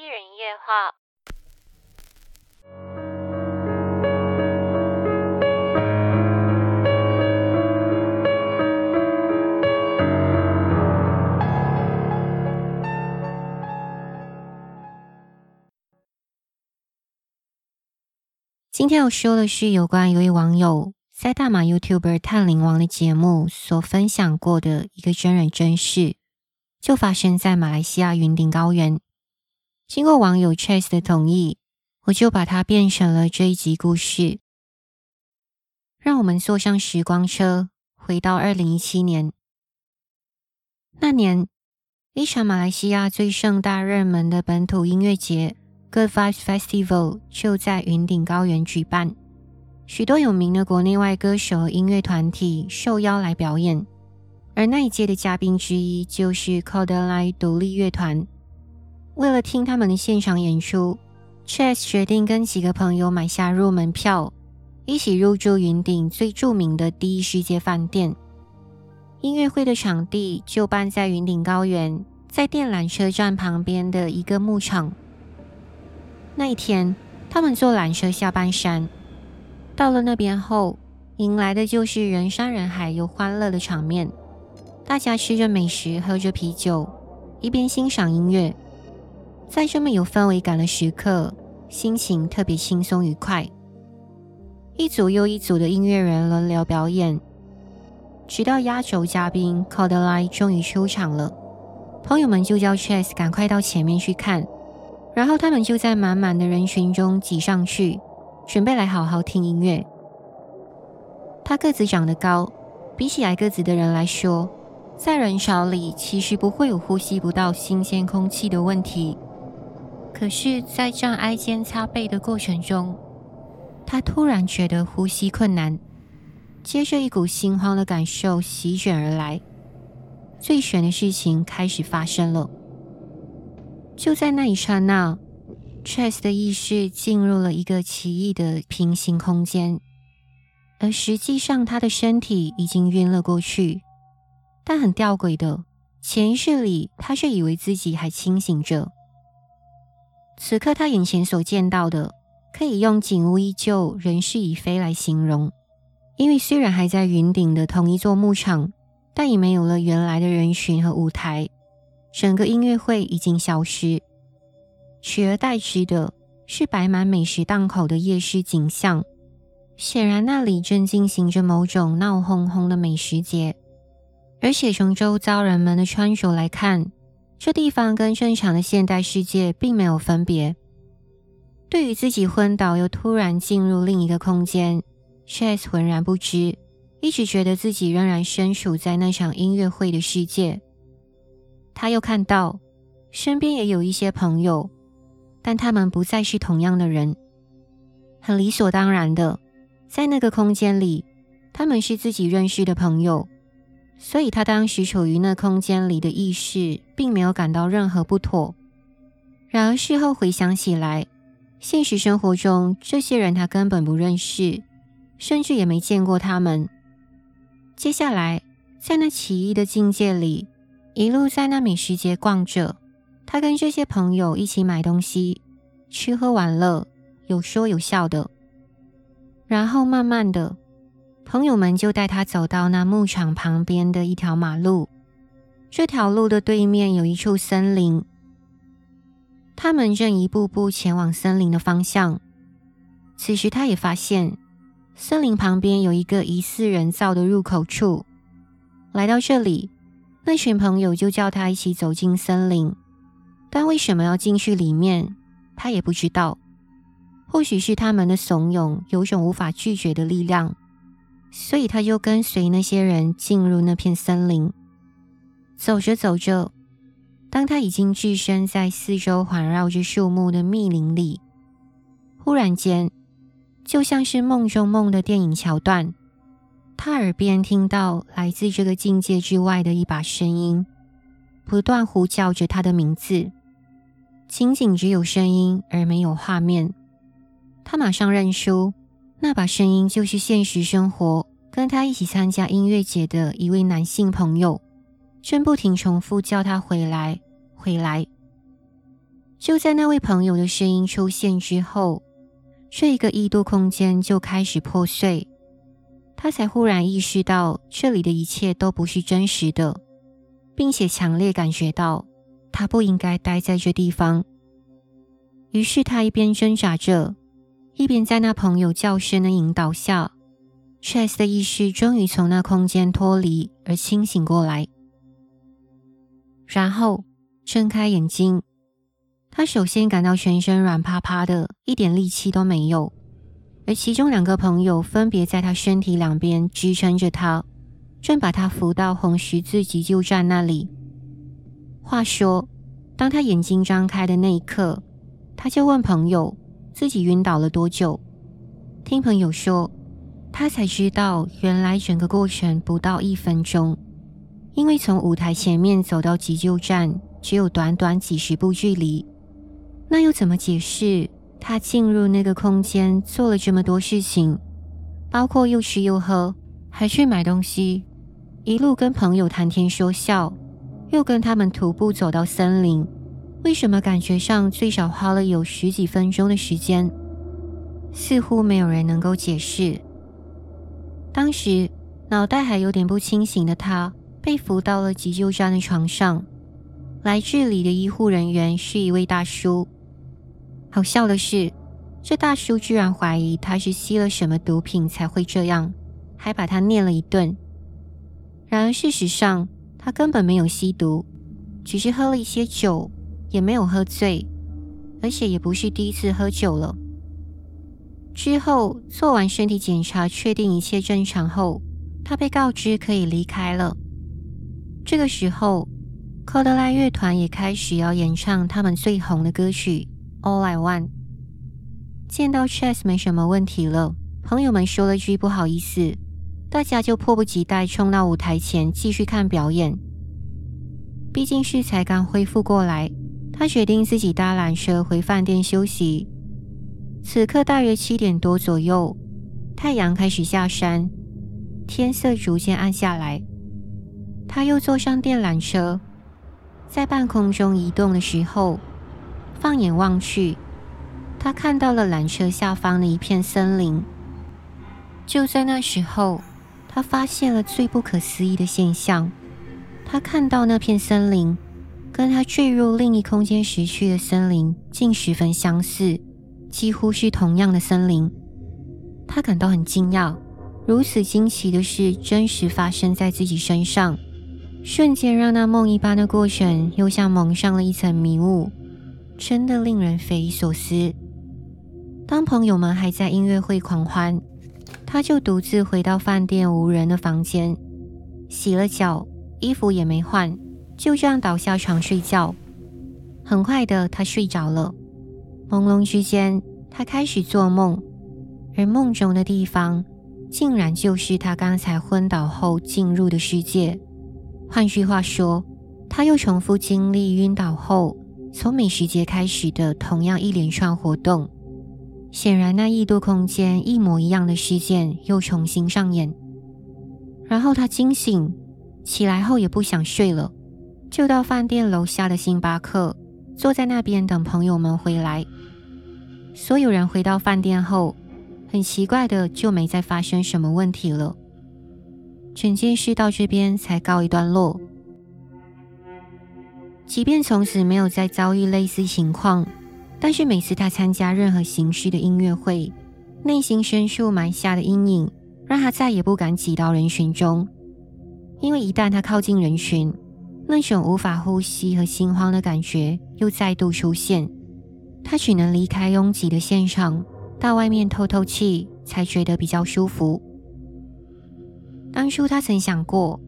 一人夜話。今天要說的是有關一位網友在大馬 YouTuber 探靈王的節目所分享過的一個真人真事，就發生在馬來西亞雲頂高原。經過網友 Chace 的同意，我就把它變成了這一集故事。讓我們坐上時光車，回到二零一七年。那年，一場馬來西亞最盛大熱門的本土音樂節 Good Vibes Festival 就在雲頂高原舉辦，許多有名的國內外歌手和音樂團體受邀來表演，而那一屆的嘉賓之一就是 Kodaline 獨立樂團。為了聽他們的現場演出，Chace 決定跟幾個朋友買下入門票，一起入住雲頂最著名的第一世界飯店。音樂會的場地就辦在雲頂高原，在電纜車站旁邊的一個牧場。那一天，他們坐纜車下半山，到了那邊後，迎來的就是人山人海又歡樂的場面。大家吃着美食，喝着啤酒，一邊欣賞音樂。在這麼有氛圍感的時刻，心情特別輕鬆愉快。一組又一組的音樂人輪流表演，直到壓軸嘉賓 Coldplay 終於出場了。朋友們就叫 Chace 趕快到前面去看，然後他們就在滿滿的人群中擠上去，準備來好好聽音樂。他個子長得高，比起矮個子的人來說，在人潮裡其實不會有呼吸不到新鮮空氣的問題。可是，在這樣挨肩擦背的過程中，他突然覺得呼吸困難，接着一股心慌的感受席捲而來。最玄的事情開始發生了。就在那一剎那，Chace 的意識進入了一個奇異的平行空間，而實際上他的身體已經暈了過去。但很吊詭的，潛意識裡，他卻以為自己還清醒着。此刻他眼前所見到的，可以用“景物依舊，人事已非”來形容。因為雖然還在雲頂的同一座牧場，但已沒有了原來的人群和舞台，整個音樂會已經消失，取而代之的是擺滿美食檔口的夜市景象。顯然，那裡正進行着某種鬧哄哄的美食節。而且從周遭人們的穿着來看，這地方跟正常的現代世界並沒有分別。對於自己昏倒又突然進入另一個空間，Chace 渾然不知，一直覺得自己仍然身處在那場音樂會的世界。他又看到身邊也有一些朋友，但他們不再是同樣的人。很理所當然的，在那個空間裡，他們是自己認識的朋友。所以，他當時處於那空間裡的意識，並沒有感到任何不妥。然而，事後回想起來，現實生活中這些人他根本不認識，甚至也沒見過他們。接下來，在那奇異的境界裡，一路在那美食街逛着，他跟這些朋友一起買東西、吃喝玩樂，有說有笑的。然後，慢慢的。朋友們就帶他走到那牧場旁邊的一條馬路，這條路的對面有一處森林。他們正一步步前往森林的方向。此時，他也發現森林旁邊有一個疑似人造的入口處。來到這裡，那群朋友就叫他一起走進森林。但為什麼要進去裡面，他也不知道。或許是他們的慫恿，有種無法拒絕的力量。所以，他就跟隨那些人進入那片森林。走着走着，當他已經置身在四周環繞着樹木的密林裡，忽然間，就像是夢中夢的電影橋段，他耳邊聽到來自這個境界之外的一把聲音，不斷呼叫着他的名字。僅僅只有聲音，而沒有畫面。他馬上認輸。那把聲音就是現實生活，跟他一起參加音樂節的一位男性朋友，正不停重複叫他回來，回來。就在那位朋友的聲音出現之後，這一個異度空間就開始破碎。他才忽然意識到這裡的一切都不是真實的，並且強烈感覺到他不應該待在這地方。於是他一邊掙扎着。一邊在那朋友叫聲的引導下，Chace 的意識終於從那空間脫離，而清醒過來。然後睜開眼睛，他首先感到全身軟趴趴的，一點力氣都沒有。而其中兩個朋友分別在他身體兩邊支撐着他，正把他扶到紅十字急救站那裡。話說，當他眼睛張開的那一刻，他就問朋友，自己暈倒了多久？聽朋友說，他才知道原來整個過程不到一分鐘，因為從舞台前面走到急救站只有短短幾十步距離。那又怎麼解釋他進入那個空間做了這麼多事情，包括又吃又喝，還去買東西，一路跟朋友談天說笑，又跟他們徒步走到森林？為什麼感覺上最少花了有十幾分鐘的時間？似乎沒有人能夠解釋。當時腦袋還有點不清醒的他，被扶到了急救站的床上。來這裡的醫護人員是一位大叔。好笑的是，這大叔居然懷疑他是吸了什麼毒品才會這樣，還把他念了一頓。然而事實上，他根本沒有吸毒，只是喝了一些酒。也沒有喝醉，而且也不是第一次喝酒了。之後做完身體檢查，確定一切正常後，他被告知可以離開了。這個時候，科德萊樂團也開始要演唱他們最紅的歌曲《All I Want》。見到 Chace 沒什麼問題了，朋友們說了句“不好意思”，大家就迫不及待衝到舞台前繼續看表演。畢竟是才剛恢復過來。他決定自己搭纜車回飯店休息。此刻大約七點多左右，太陽開始下山，天色逐漸暗下來。他又坐上電纜車，在半空中移動的時候，放眼望去，他看到了纜車下方的一片森林。就在那時候，他發現了最不可思議的現象：他看到那片森林。跟他墜入另一空間時去的森林竟十分相似，幾乎是同樣的森林。他感到很驚訝，如此驚奇的事真實發生在自己身上，瞬間讓那夢一般的過程又像蒙上了一層迷霧，真的令人匪夷所思。當朋友們還在音樂會狂歡，他就獨自回到飯店無人的房間，洗了腳，衣服也沒換。就這樣倒下床睡覺，很快的他睡着了。朦朧之間，他開始做夢，而夢中的地方竟然就是他剛才昏倒後進入的世界。換句話說，他又重複經歷暈倒後從美食節開始的同樣一連串活動。顯然，那異度空間一模一樣的事件又重新上演。然後他驚醒，起來後也不想睡了。就到飯店樓下的星巴克，坐在那邊等朋友們回來。所有人回到飯店後，很奇怪的就沒再發生什麼問題了。整件事到這邊才告一段落。即便從此沒有再遭遇類似情況，但是每次他參加任何形式的音樂會，內心深處埋下的陰影，讓他再也不敢擠到人群中，因為一旦他靠近人群，那種無法呼吸和心慌的感覺又再度出現，他只能離開擁擠的現場，到外面透透氣，才覺得比較舒服。當初他曾想過，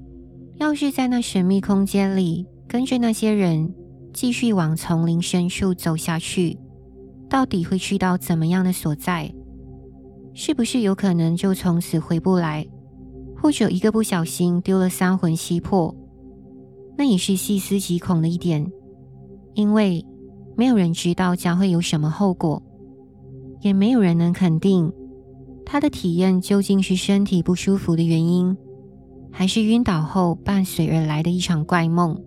要是在那神秘空間裡，跟着那些人繼續往叢林深處走下去，到底會去到怎麼樣的所在？是不是有可能就從此回不來？或者一個不小心丟了三魂七魄？那也是細思極恐的一點，因為沒有人知道將會有什麼後果，也沒有人能肯定他的體驗究竟是身體不舒服的原因，還是暈倒後伴隨而來的一場怪夢，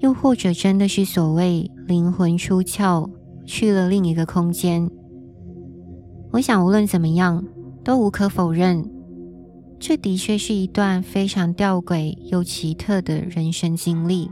又或者真的是所謂靈魂出竅去了另一個空間。我想，無論怎麼樣，都無可否認。這的確是一段非常吊詭又奇特的人生經歷。